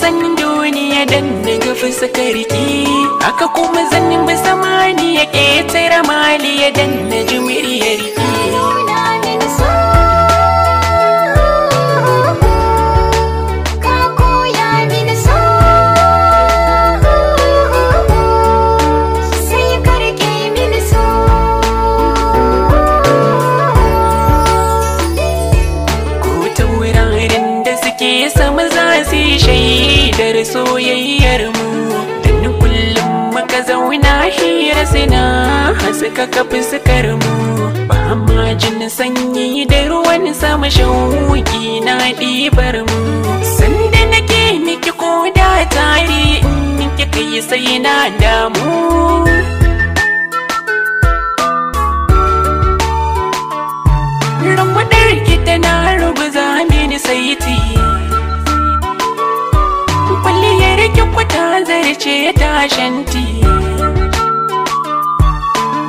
sanin duniya dan na gafi sakarki aka kuma zannin bai sama soyayyar mu dan kullum muka zauna hira sina haska kafin sukar mu ba ma jin sanyi da ruwan sama shauki na ɗibar mu sanda nake miki koda tari in miki kai sai na damu Ran gida na rubuza mini saiti zarce shanti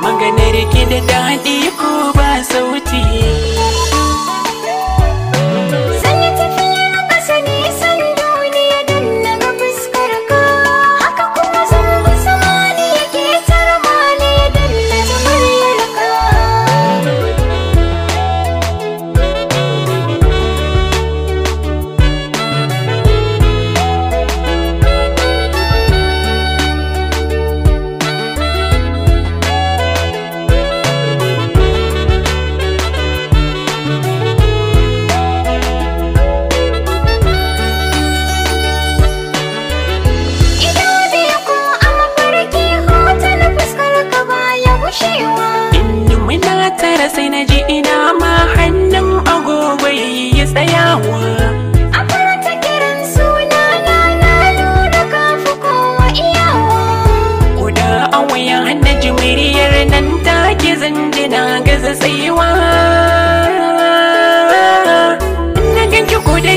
maganar ki da daɗi ko ba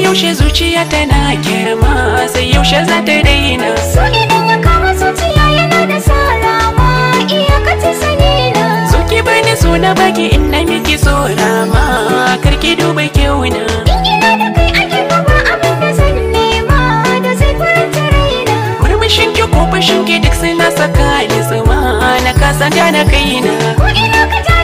yaushe zuciya tana girma sai yaushe za ta daina so idan ya kama zuciya yana da salama iyakacin sani na zo ki bani so na baki in na miki so rama karki duba kyauna in ina da kai ake zan nema da zai faranta raina ko fashin ki duk suna saka ni zama na kasa da na kaina ko ina ka